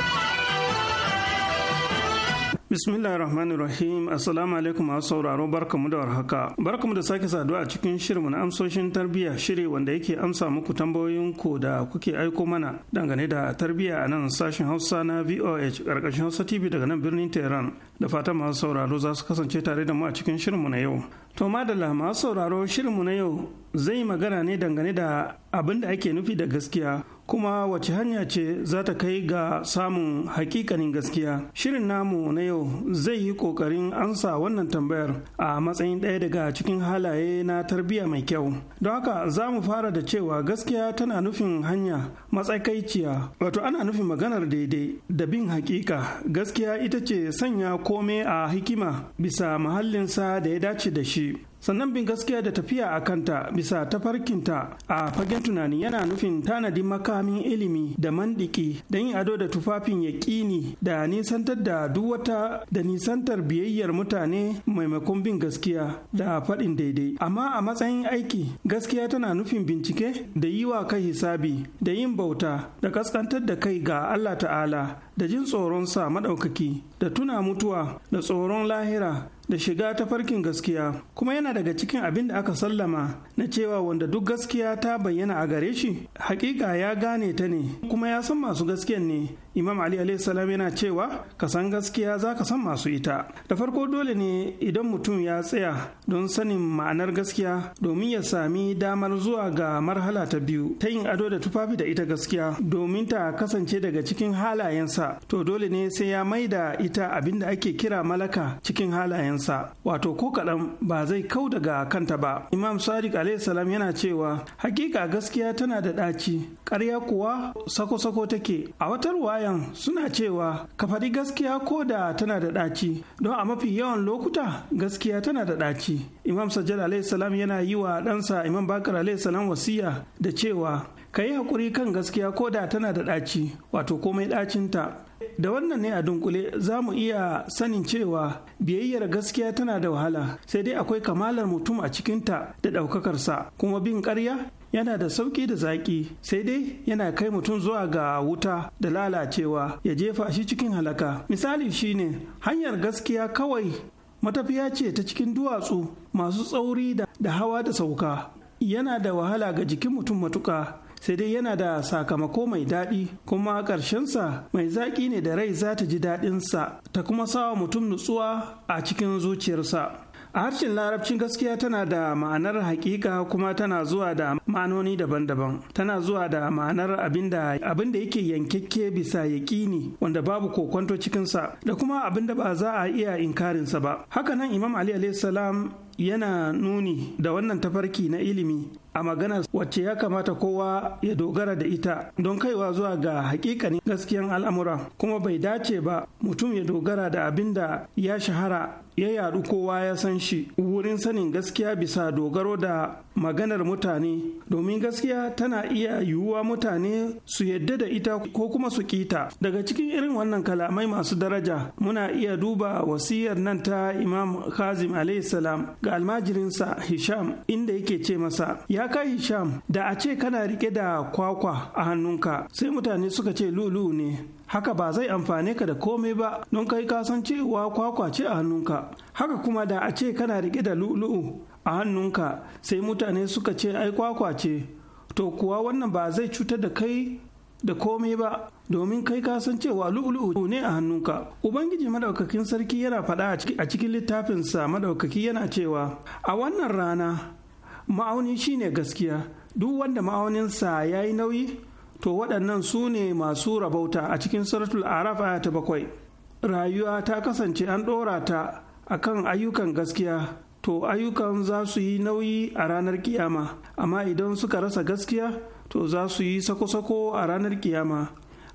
Bismillah rahman rahim Assalamu alaikum masu sauraro barkamu da warhaka. Barkamu da sake saduwa a cikin shirin na amsoshin tarbiyya shiri wanda yake amsa muku tambayoyin ku da kuke aiko mana dangane da tarbiyya a nan sashen Hausa na VOH karkashin Hausa TV daga nan birnin Tehran. Da fata masu sauraro za su kasance tare da mu a cikin shirin mu na yau. To madalla masu sauraro shirin mu na yau zai magana ne dangane da abin da ake nufi da gaskiya kuma wace hanya ce za ta kai ga samun hakikanin gaskiya shirin namu na yau zai yi kokarin ansa wannan tambayar a matsayin ɗaya daga cikin halaye na tarbiyya mai kyau don haka za mu fara da cewa gaskiya tana nufin hanya matsakaiciya wato ana nufin maganar daidai da bin hakika gaskiya ita ce sanya kome a hikima bisa mahallinsa da ya dace da shi sannan bin gaskiya da tafiya a kanta bisa tafarkinta a fagen tunani yana nufin tanadi makamin ilimi da mandiki da yin ado da tufafin yaƙini da nisantar da duk wata da nisantar biyayyar mutane maimakon bin gaskiya da faɗin daidai amma a matsayin aiki gaskiya tana nufin bincike da yi wa kai hisabi da yin bauta da kaskantar da kai ga Allah ta'ala da jin tsoron sa maɗaukaki da tuna mutuwa da tsoron lahira da shiga ta farkin gaskiya kuma yana daga cikin abin da aka sallama na cewa wanda duk gaskiya ta bayyana a gare shi hakika ya gane ta ne kuma ya san masu gaskiyan ne imam ali alaihi salam yana cewa ka san gaskiya za ka san masu ita da farko dole ne idan mutum ya tsaya don sanin ma'anar gaskiya domin ya sami damar zuwa ga marhala ta biyu ta yin ado da tufafi da ita gaskiya domin ta kasance daga cikin halayensa to dole ne sai ya mai da ita abin da ake kira malaka cikin halayensa wato ko kaɗan ba zai kau daga kanta ba imam sadiq alaihi salam yana cewa hakika gaskiya tana da ɗaci ƙarya kuwa sako-sako take a wata ruwaya bayan suna cewa ka faɗi gaskiya ko da tana da ɗaci don a mafi yawan lokuta gaskiya tana da ɗaci imam sajjad salam yana yi wa ɗansa imam bakar salam wasiya da cewa ka yi haƙuri kan gaskiya ko da tana da ɗaci wato komai ɗacinta da wannan ne a dunkule za mu iya sanin cewa biyayyar gaskiya tana da wahala sai dai akwai kamalar mutum a cikinta da ɗaukakarsa kuma bin ƙarya yana da sauƙi da zaƙi sai dai yana kai mutum zuwa ga wuta da lalacewa ya jefa shi cikin halaka misali shine hanyar gaskiya kawai matafiya ce ta cikin duwatsu masu tsauri da hawa da sauka yana da wahala ga jikin mutum matuƙa sai dai yana da sakamako mai daɗi kuma ƙarshensa mai zaƙi ne da rai za ta ji daɗinsa ta kuma sawa mutum nutsuwa a cikin zuciyarsa a harshen larabcin gaskiya tana da ma'anar hakika kuma tana zuwa da ma'anoni daban-daban tana zuwa da ma'anar abin da yake yankakke bisa yaƙini wanda babu kokonto cikinsa da kuma abin da ba za a iya inkarinsa ba hakanan imam ali salam yana nuni da wannan tafarki na ilimi a magana wacce ya kamata kowa ya dogara da ita don kaiwa zuwa ga hakikanin gaskiyan al'amura kuma bai dace ba mutum ya dogara da abin da ya shahara ya yadu kowa ya san shi wurin sanin gaskiya bisa dogaro da maganar mutane domin gaskiya tana iya yiwuwa mutane su yadda da ita ko kuma su kita daga cikin irin wannan kalamai masu daraja muna iya duba wasiyar nan ta imam kazim salam ga almajirinsa hisham inda yake ce masa ya kai hisham da a ce kana rike da kwakwa a hannunka sai mutane suka ce lulu ne haka ba zai amfane ka da komai ba don kai kasan san cewa kwakwa ce a hannunka haka kuma da a ce kana rike da lulu? a hannunka sai mutane suka ce ai kwakwa ce to kuwa wannan ba zai cutar da kai da komai ba domin kai ka san cewa lu'ulu'u ne a hannunka ubangiji madaukakin sarki yana faɗa a cikin littafinsa madaukaki yana cewa a wannan rana ma'auni shine gaskiya duk wanda ma'auninsa ya yi nauyi to waɗannan su ne masu rabauta a cikin suratul araf aya ta bakwai rayuwa ta kasance an ɗora ta akan ayyukan gaskiya to ayyukan za su yi nauyi a ranar kiyama amma idan suka rasa gaskiya to za su yi sako-sako a ranar kiyama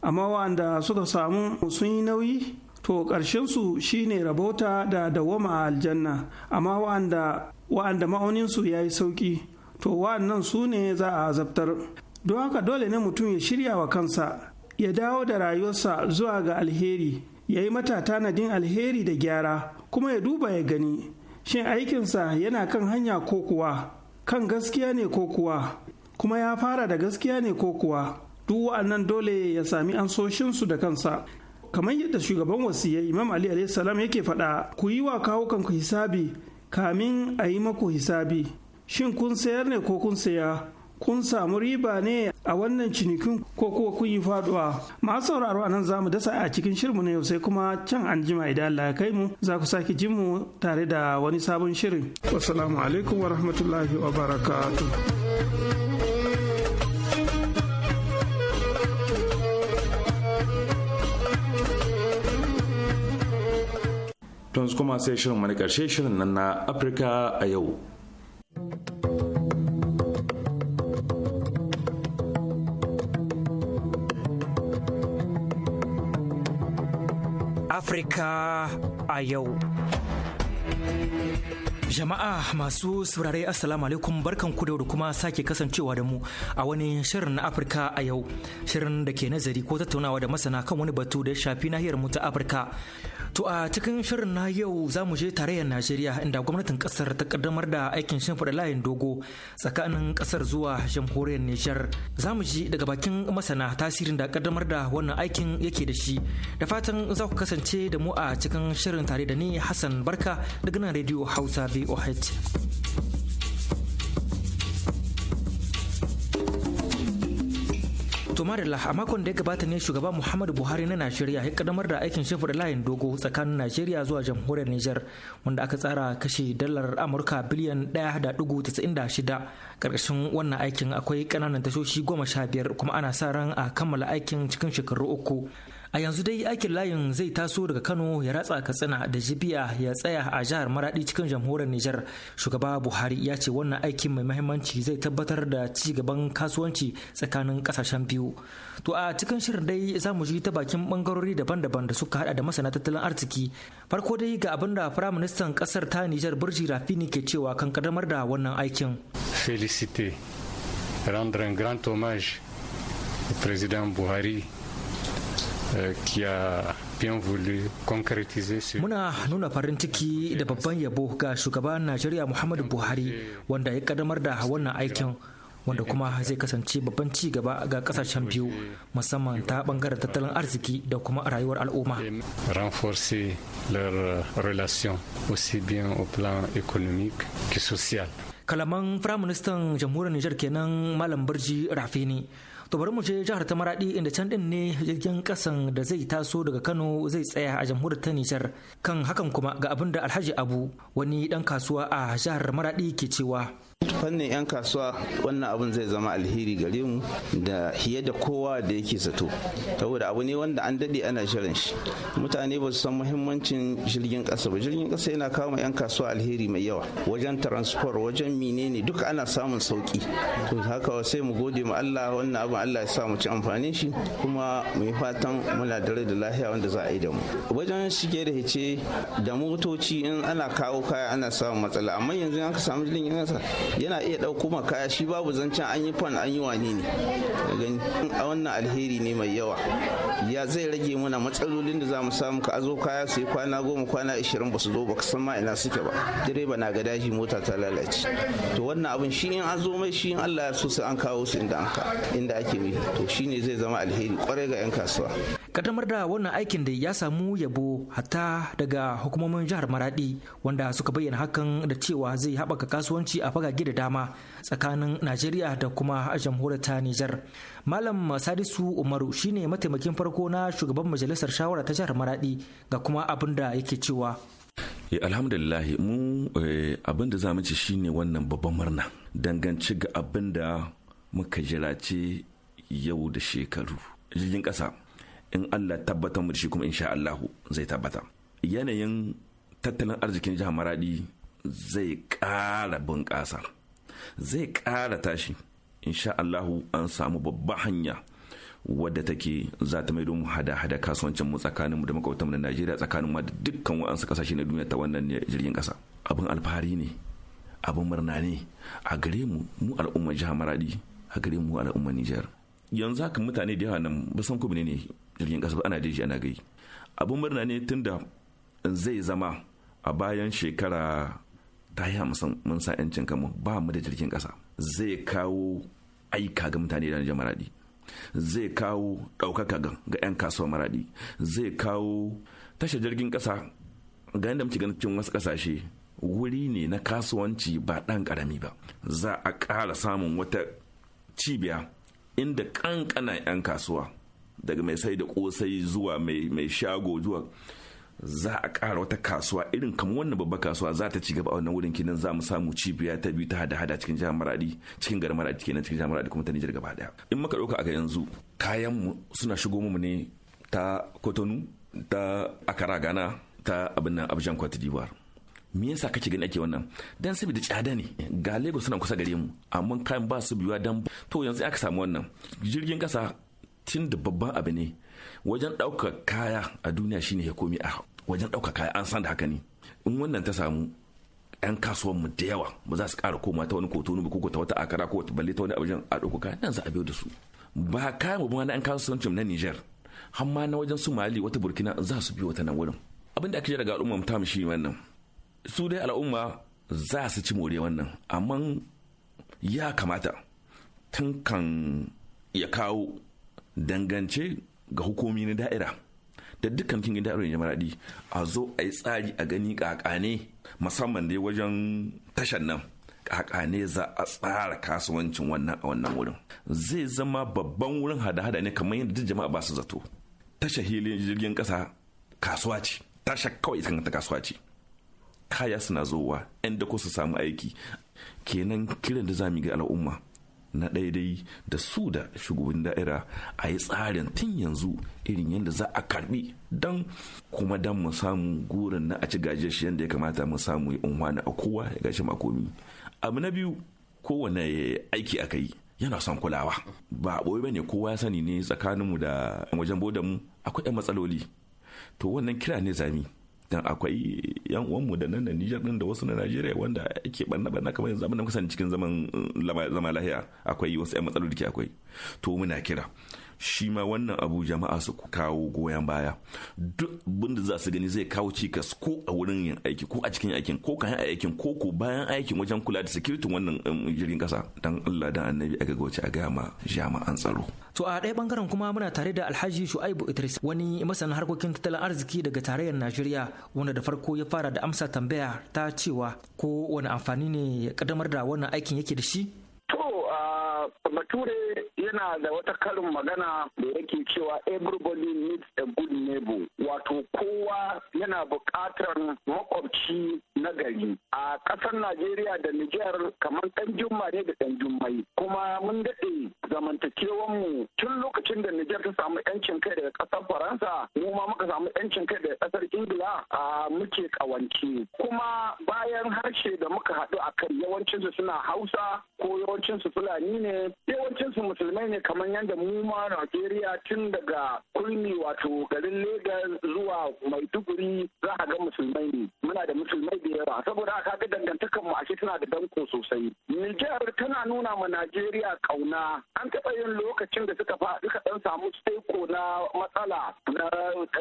amma wa'anda suka samu sun yi nauyi to ƙarshensu shine rabota da dawama a aljanna amma wa'anda ma'auninsu ya yi sauƙi to wa'annan su ne za a azabtar don haka dole ne mutum ya shirya wa kansa ya dawo da rayuwarsa zuwa ga alheri ya yi mata tanadin alheri da gyara kuma ya duba ya gani shin aikinsa yana kan hanya ko kuwa kan gaskiya ne ko kuwa kuma ya fara da gaskiya ne ko kuwa duk wa'annan dole ya sami ansoshinsu da kansa kamar yadda shugaban wasiyya imam ali salam yake faɗa ku yi wa kawo kanku hisabi kamin a yi maku hisabi shin kun sayar ne ko kun saya kun samu riba ne a wannan cinikin ko kuwa kun yi faduwa masu sauraro a nan za mu dasa a cikin shirmu na yau sai kuma can an jima idan Allah ya kai mu za ku sake jin mu tare da wani sabon shirin assalamu alaikum wa rahmatullahi wa barakatuh Tons kuma sai shirin mani karshe shirin nan na Afirka a yau. afrika a yau. Jama'a masu saurare Assalamu alaikum ku da kuma sake kasancewa da mu a wani shirin na Afirka a yau. Shirin da ke nazari ko tattaunawa da masana kan wani batu da shafi nahiyar mu ta Afirka. To a cikin shirin na yau za mu je tarayyar Najeriya inda gwamnatin kasar ta kaddamar da aikin shimfiɗa layin dogo tsakanin kasar zuwa jamhuriyar Nijar. Za mu ji daga bakin masana tasirin da kaddamar da wannan aikin yake da shi. Da fatan za ku kasance da mu a cikin shirin tare da ni Hassan Barka daga nan Radio Hausa voh to a makon da ya gabata ne shugaba muhammadu buhari na najeriya ya kaddamar da aikin shimfiɗa layin dogo tsakanin najeriya zuwa jamhuriyar niger wanda aka tsara kashe dalar amurka biliyan 1.96 ƙarƙashin wannan aikin akwai ƙananan tashoshi goma sha biyar kuma ana sa ran a kammala aikin cikin shekaru uku a yanzu dai aikin layin zai taso daga kano ya ratsa katsina da jibiya ya tsaya a jihar maradi cikin jamhuriyar nijar shugaba buhari ya ce wannan aikin mai mahimmanci zai tabbatar da ci gaban kasuwanci tsakanin kasashen biyu to a cikin shirin dai za mu ji ta bakin bangarori daban-daban da suka hada da masana tattalin arziki farko dai ga abin da firaministan kasar ta nijar burji rafini ke cewa kan kadamar da wannan aikin felicite rendre un grand hommage au président buhari Euh, qui a bien voulu concrétiser ce Muna nuna farin ciki da babban yabo ga shugaban Najeriya Muhammadu Buhari wanda ya kaddamar da wannan aikin wanda kuma zai kasance babban ci gaba ga kasashen biyu musamman ta bangaren tattalin arziki da kuma rayuwar al'umma. Renforcer leur relation aussi bien au plan économique que social. Kalaman Firaministan Jamhuriyar Nijar kenan Malam Birji Rafini. To bari mu je jihar ta Maradi inda can din ne jirgin kasan da zai taso daga Kano zai tsaya a jamhuriyar ta Nijar. Kan hakan kuma ga abin da Alhaji Abu wani dan kasuwa a jihar Maradi ke cewa. fannin 'yan kasuwa wannan abin zai zama alheri gare mu da hiye da kowa da yake zato saboda abu ne wanda an dade ana shirin shi mutane ba su san muhimmancin jirgin kasa ba jirgin kasa yana kawo 'yan kasuwa alheri mai yawa wajen transport wajen menene duk ana samun sauki to haka wa sai mu gode mu Allah wannan abin Allah ya sa mu ci amfani shi kuma mu yi fatan muna da rai da lahiya wanda za a yi da mu wajen shige da hice da motoci in ana kawo kaya ana samun matsala amma yanzu an ka samu jirgin kasa yana iya ɗauko ma kaya shi babu zancen an yi fan an yi wane ne a wannan alheri ne mai yawa ya zai rage mana matsalolin da za mu samu ka azo kaya su yi kwana goma kwana ashirin ba su zo ba san ma ina suke ba direba na ga daji mota ta lalace to wannan abin shi in an zo mai shi in Allah ya so sai an kawo su inda inda ake bi to shine zai zama alheri kwarai ga yan kasuwa kaddamar da wannan aikin da ya samu yabo hatta daga hukumomin jihar Maradi wanda suka bayyana hakan da cewa zai haɓaka kasuwanci a fagage jirage da dama tsakanin Najeriya da kuma jamhuriyar ta Nijar. Malam Sadisu Umaru shine mataimakin farko na shugaban majalisar shawara ta jihar Maradi ga kuma abin da yake cewa. Eh, alhamdulillah mu eh, abin da za ci shine wannan babban murna dangance ga abin da muka jira ce yau da shekaru. Jirgin ƙasa in Allah tabbatar mu da shi kuma insha Allahu zai tabbata. Yanayin tattalin arzikin jihar Maradi zai ƙara bunƙasa zai ƙara tashi insha Allahu an samu babban hanya wadda take za ta maido mu hada-hada kasuwancin mu tsakanin mu da makwabta mu na Najeriya tsakanin mu da dukkan wa'ansu kasashe na duniya ta wannan jirgin kasa abin alfahari ne abin murna ne a gare mu mu al'umma jihar Maradi a gare mu al'umma Nijar yanzu haka mutane da yawa nan ba san ko ne jirgin kasa ba ana da shi ana gai abin murna ne tunda zai zama a bayan shekara ta yi mun sa 'yancin kanmu ba mu da jirgin ƙasa zai kawo aika ga mutane da Nijar Maradi zai kawo ɗaukaka ga 'yan kasuwa Maradi zai kawo tashar jirgin ƙasa ga yadda muke ganin cikin wasu ƙasashe wuri ne na kasuwanci ba ɗan ƙarami ba za a ƙara samun wata cibiya inda ƙanƙana 'yan kasuwa daga mai sai da ƙosai zuwa mai shago zuwa za a ƙara wata kasuwa irin kamar wannan babbar kasuwa za ta ci gaba a wannan wurin kenan za mu samu cibiya ta biyu ta hada-hada cikin jihar Maradi cikin garin Maradi kenan cikin jihar Maradi kuma ta Nijar gaba daya in muka dauka a ga yanzu kayan mu suna shigo mu ne ta Kotonu ta Akara Ghana ta abin nan Abidjan Cote d'Ivoire me yasa kake gani ake wannan dan saboda tsada ne ga Lagos suna kusa gare mu amma kayan ba su biyuwa dan to yanzu aka samu wannan jirgin kasa tun da babban abu ne wajen ɗaukar kaya a duniya shine ya komi a wajen ɗauka kaya an san da haka ne in wannan ta samu 'yan kasuwan mu da yawa ba za su ƙara koma ta wani kotonu ko ta wata akara ko ta balle ta wani abin a ɗauko nan za a biyo da su ba kayan mu ba na 'yan cin na Niger har ma na wajen su Mali wata Burkina za su biyo ta nan wurin abin da ake daga al'umma ta mu shi wannan su dai al'umma za su ci more wannan amma ya kamata tun kan ya kawo dangance ga hukumi na da'ira da dukkan gida da'irar jamaradi a zo a yi tsari a gani kakane musamman dai wajen tashan nan kakane za a tsara kasuwancin wannan a wannan wurin zai zama babban wurin hada-hada ne kamar yadda duk jama'a ba su zato tasha hilin jirgin kasa kasuwa ce tasha kawai ita ta kasuwa ce kaya suna zowa 'yan dako su samu aiki kenan kiran da za mu ga al'umma na daidai da su da shugaban da'ira a yi tsarin tun yanzu irin yadda za a karbi don kuma don mu samu gurin na a ci gajiyar shi yadda ya kamata mu samu yi unhwani a kowa ya gashi makomi abu na biyu kowane aiki aka yi yana son kulawa ba ɓoye bane kowa ya sani ne tsakaninmu da wajen bodanmu akwai 'yan matsaloli to wannan kira ne zami dan akwai yan uwanmu da nan da Niger din da wasu na Najeriya wanda ke banna banna kamar yanzu abin da cikin zaman eh, zama lahiya akwai wasu yan matsaloli ke akwai to muna kira shi ma wannan abu jama'a su kawo goyon baya duk abin da za su gani zai kawo cikas ko a wurin yin aiki ko a cikin aikin ko kayan aikin ko ko bayan aikin wajen kula da sikiritin wannan eh, jirgin kasa dan Allah dan annabi a gaggauce a gama jama'an tsaro To a ɗaya bangaren kuma muna tare da Alhaji Shu'aibu Idris wani masanin harkokin tattalin arziki daga tarayyar Najeriya wanda da farko ya fara da amsa tambaya ta cewa ko wani amfani ne ya kaddamar da wannan aikin yake da shi bature yana da wata karin magana da yake cewa everybody needs a good neighbor wato kowa yana buƙatar makwabci na gari a ƙasar najeriya da nijar kamar ɗan jumma ne da ɗan jummai kuma mun daɗe zamantakewanmu tun lokacin da nijar ta samu 'yancin kai daga ƙasar faransa mu ma muka samu 'yancin kai daga ƙasar ingila a muke ƙawance kuma bayan harshe da muka haɗu a kan yawancinsu suna hausa ko yawancinsu fulani ne yawancinsu musulmai ne kamar yadda mu ma Najeriya tun daga kulmi wato garin Legas zuwa Maiduguri za a ga musulmai ne muna da musulmai da yawa saboda haka ga dangantakar mu ashe tana da danko sosai Nijar tana nuna ma Najeriya kauna an taɓa yin lokacin da suka suka dan samu steko na matsala na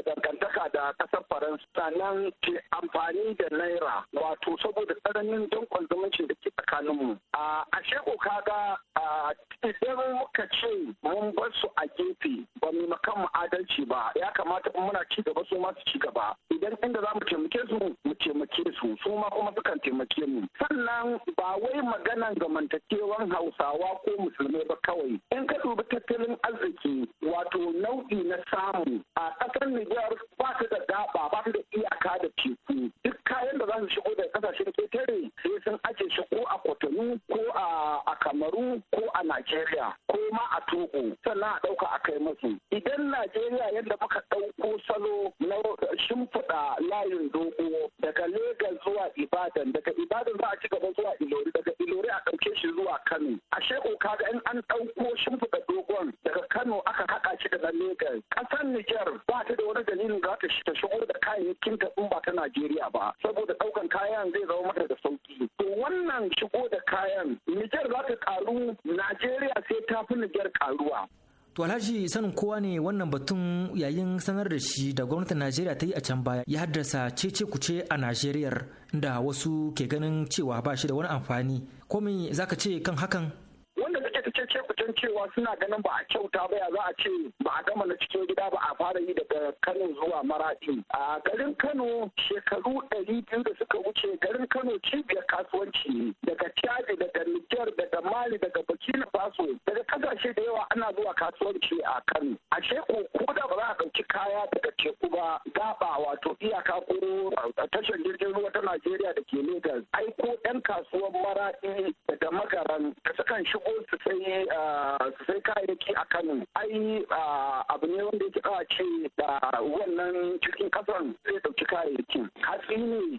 dangantaka da ƙasar Faransa sannan ke amfani da naira wato saboda tsananin dankon zumuncin da ke tsakaninmu a ashe ko kaga a idan muka ce mun bar su a gefe ba mu makan mu adalci ba ya kamata in muna ci gaba su ma su ci gaba idan inda za mu taimake su mu taimake su su ma kuma sukan taimake mu sannan ba wai maganan gamantakewan hausawa ko musulmai ba kawai in ka dubi tattalin arziki wato nau'i na samu a ƙasar Nijar ba su da gaba ba ta da iyaka da teku duk kayan da za su shigo daga kasashen ketare sai sun ake shigo a Kotonu ko a Kamaru ko a Najeriya ko ma a Togo sannan a ɗauka a kai musu. Idan Najeriya yadda muka ɗauko salo na shimfiɗa layin dogo daga Legas zuwa Ibadan daga Ibadan za a ci gaba zuwa Ilori daga Ilori a ɗauke shi zuwa Kano. A sheko kaga in an ɗauko shimfiɗa dogon daga Kano aka haɗa shi daga Legas. Ƙasar Nijar ba ta da wani dalilin za ta shigo da kayayyakin ta ba ta Najeriya ba saboda ɗaukan kayan zai zama mata da sauki. su to wannan shigo da kayan Nijar za ta karu Najeriya sai ta fi Nijar karuwa To Alhaji sanin kowa ne wannan batun yayin sanar da shi da gwamnatin Najeriya ta yi a can baya ya haddasa cece kuce a Najeriyar da wasu ke ganin cewa ba shi da wani amfani. Ko me zaka ce kan hakan? abubuwa suna ganin ba a kyauta ba ya za a ce ba a gama na cikin gida ba a fara yi daga Kano zuwa Maradi. A garin Kano shekaru ɗari biyu da suka wuce garin Kano cibiyar kasuwanci daga Chad daga Niger daga Mali daga Burkina Faso daga kasashe da yawa ana zuwa kasuwanci a Kano. A sheku ko da ba za a ɗauki kaya daga teku ba gaba wato iyaka ko tashar jirgin ruwa ta Najeriya da ke Lagos aiko 'yan kasuwan Maradi daga magaran da sukan shigo su sai ah, su sai kayayyaki a Kano ai abu ne wanda yake kawa ce da wannan cikin kasan zai dauki kayayyakin hatsi ne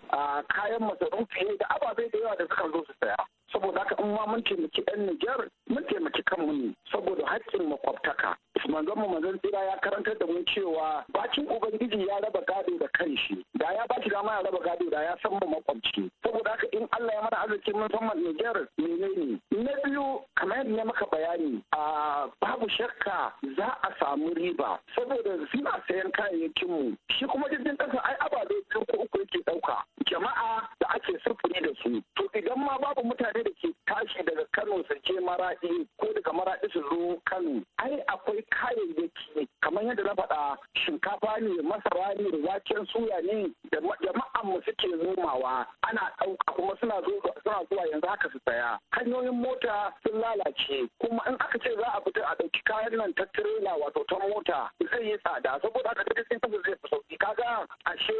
kayan masarufi da ababe da yawa da suka zo su saya saboda haka in ma mun taimaki 'yan Nijar mun taimaki kanmu ne saboda haƙƙin makwabtaka manzon mu manzon tsira ya karantar da mu cewa bacin ubangiji ya raba gado da kanshi da ya bashi dama ya raba gado da ya san mu makwabci saboda haka in Allah ya mana arziki mun san Niger menene na biyu kamar yadda na maka bayani a babu shakka za a samu riba saboda suna sayan kayayyakin mu shi kuma jirgin kasa ai ababe sun ko uku yake dauka jama'a da ake sufuri da su to idan ma babu mutane da ke tashi daga Kano su je Maradi ko daga Maradi su zo Kano ai akwai kayayyaki ne kamar yadda na faɗa shinkafa ne masara ne waken suya ne da jama'an mu suke nomawa ana ɗauka kuma suna suna zuwa yanzu haka su saya hanyoyin mota sun lalace kuma in aka ce za a fita a ɗauki kayan nan ta tirela wato ta mota zai yi tsada saboda haka ta cikin kasa zai fi sauki kaga ashe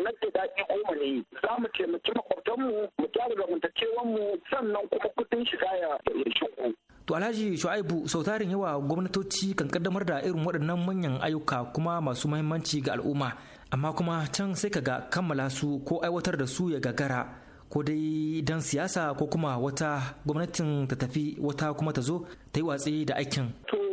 na da daɗi goma ne za mu taimaki makwabtanmu mu gyara zamantakewanmu sannan kuma kuɗin shiga ya shigo To Alhaji Shu'aibu sau tarin yawa gwamnatoci kan kaddamar da irin waɗannan manyan ayyuka kuma masu mahimmanci ga al'umma amma kuma can sai ka ga kammala su ko aiwatar da su ya gagara ko dai dan siyasa ko kuma wata gwamnatin ta tafi wata kuma ta zo ta yi watsi da aikin. To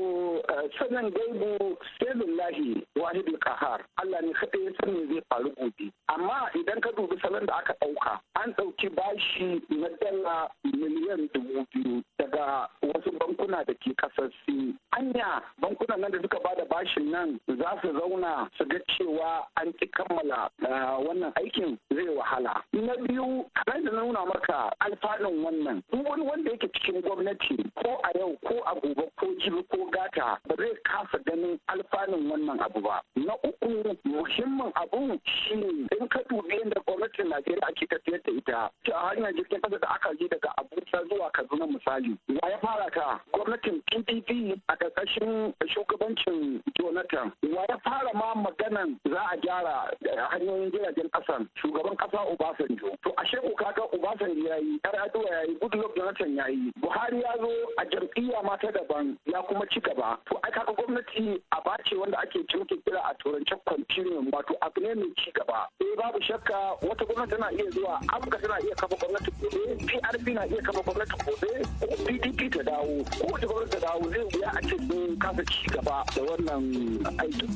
sanan gaibu sai lillahi wahidul qahar Allah ne kaɗai ya san zai faru gobe amma idan ka dubi salon da aka ɗauka an ɗauki bashi na dala miliyan dubu biyu daga wasu bankuna da ke ƙasar sin anya bankunan nan da suka bada bashin nan za su zauna su ga cewa an ki kammala ah, wannan aikin zai wahala na biyu kamar da nuna maka alfanun wannan duk wani wanda yake cikin gwamnati ko a yau ko a gobe ko jibi ko gata ba zai kasa ganin alfanun wannan abu ba na uku muhimmin abu shine in ka dubi yadda gwamnatin najeriya ake tafiyar da ita ta hanyar jirgin kasa da aka yi daga abuja zuwa kaduna misali wa ya fara ta gwamnatin pdp a ƙarƙashin shugabancin jonathan wa ya fara ma maganan za a gyara eh, hanyoyin jiragen ƙasan shugaban ƙasa obasanjo to ashe ko kaga obasanjo ya yi yar aduwa yayi, yi goodluck jonathan yayi. buhari ya zo a jam'iyya ma ta daban ya kuma ci gaba to ai kaka gwamnati a bace wanda ake cimke kira a turance continuum wato abu ne mai ci gaba eh babu shakka wata gwamnati tana iya zuwa amka tana iya kafa gwamnati gobe prp na iya kafa gwamnati gobe ko pdp ta dawo ko wata gwamnati ta dawo zai wuya a ce kasa ci gaba da wannan aikin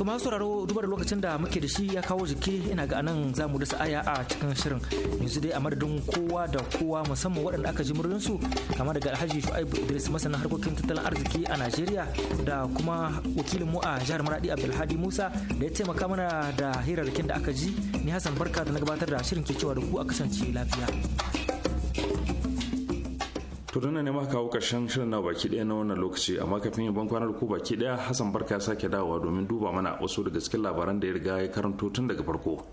To masu sauraro duba da lokacin da muke da shi ya kawo jiki ina ga anan za mu dasa aya a cikin shirin yanzu dai a madadin kowa da kowa musamman waɗanda aka ji su kama daga Alhaji Shu'aibu Idris masanin harkokin tattalin arziki a Najeriya da kuma wakilin mu a jihar Maradi Abdulhadi Musa da ya taimaka mana da hirarrakin da aka ji ni hasan Barka da na gabatar da shirin ke cewa da ku a kasance lafiya. to don ne maka karshen shirin na baki daya na wannan lokaci amma kafin yin kwanar ku baki daya hassan barka ya sake dawowa domin duba mana wasu daga cikin labaran da ya riga ya karanto tun daga farko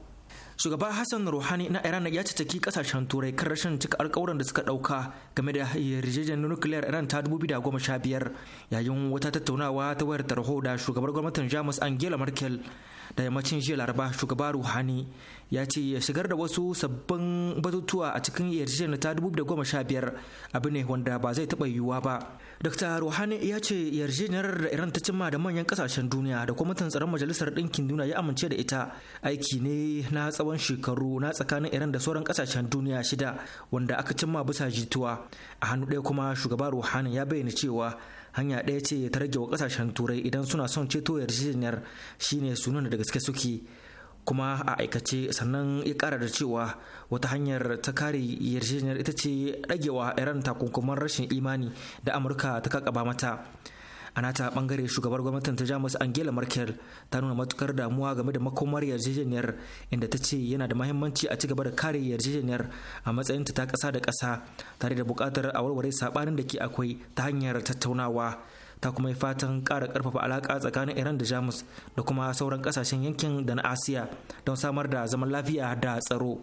shugaba hassan ruhani na iran ya caki kasashen turai kan rashin cika alkawuran da suka dauka game da yarjejeniyar nukiliyar iran ta biyar yayin wata tattaunawa ta wayar tarho da shugabar gwamnatin jamus angela merkel da yammacin jiya laraba shugaba ruhani ya ce ya shigar da wasu sabbin batutuwa a cikin yarjejeniyar ta 2015 abu ne wanda ba zai taɓa yiwuwa ba dr ruhani ya ce yarjejeniyar da iran ta cimma da manyan kasashen duniya da kwamitin tsaron majalisar ɗinkin duniya ya amince da ita aiki ne na tsawon shekaru na tsakanin iran da sauran kasashen duniya shida wanda aka cimma bisa jituwa a hannu ɗaya kuma shugaba ruhani ya bayyana cewa hanya ɗaya ce ta rage wa ƙasashen turai idan suna son ceto yarjejeniyar shine su nuna da gaske suke kuma a aikace sannan ya ƙara da cewa wata hanyar ta kare yarjejeniyar ita ce ragewa iran takunkuman rashin imani da amurka ta kakaba mata a nata bangare shugabar gwamnatin ta jamus angela merkel ta nuna matukar damuwa game da makomar yarjejeniyar inda ta ce yana da mahimmanci a ci gaba da kare yarjejeniyar a matsayin ta kasa da kasa tare da bukatar a warware sabanin da ke akwai ta hanyar tattaunawa ta kuma yi fatan kara karfafa alaƙa tsakanin iran da jamus da kuma sauran ƙasashen yankin da na asiya don samar da zaman lafiya da tsaro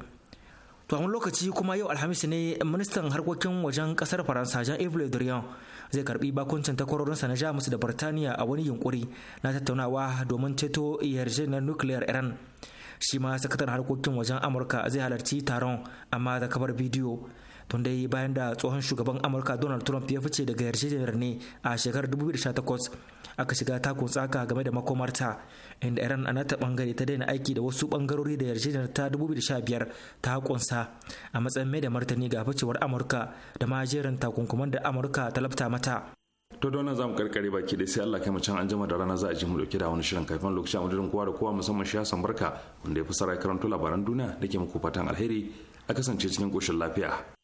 To wani lokaci kuma yau Alhamis ne ministan harkokin wajen kasar Faransa Jean-Yves Le zai karbi bakuncin takwarorinsa na Jamus da Birtaniya a wani yunkuri na tattaunawa domin ceto yarjejeniyar nukiliyar Iran. Shi ma sakataren harkokin wajen Amurka zai halarci taron amma da kabar bidiyo tun dai bayan da tsohon shugaban amurka donald trump ya fice daga yarjejeniyar ne a shekarar 2018 aka shiga takun tsaka game da makomarta inda iran a nata bangare ta daina aiki da wasu bangarori da yarjejeniyar ta 2015 ta kunsa a matsayin mai da martani ga ficewar amurka da ma jerin takunkuman da amurka ta lafta mata to da za zamu karkare baki da sai Allah kai mu can an jima da rana za a ji mu dauke da wani shirin kafin lokacin amudurin kowa da kowa musamman shi Hassan Barka wanda ya fi sarai karanto labaran duniya ke muku fatan alheri a kasance cikin koshin lafiya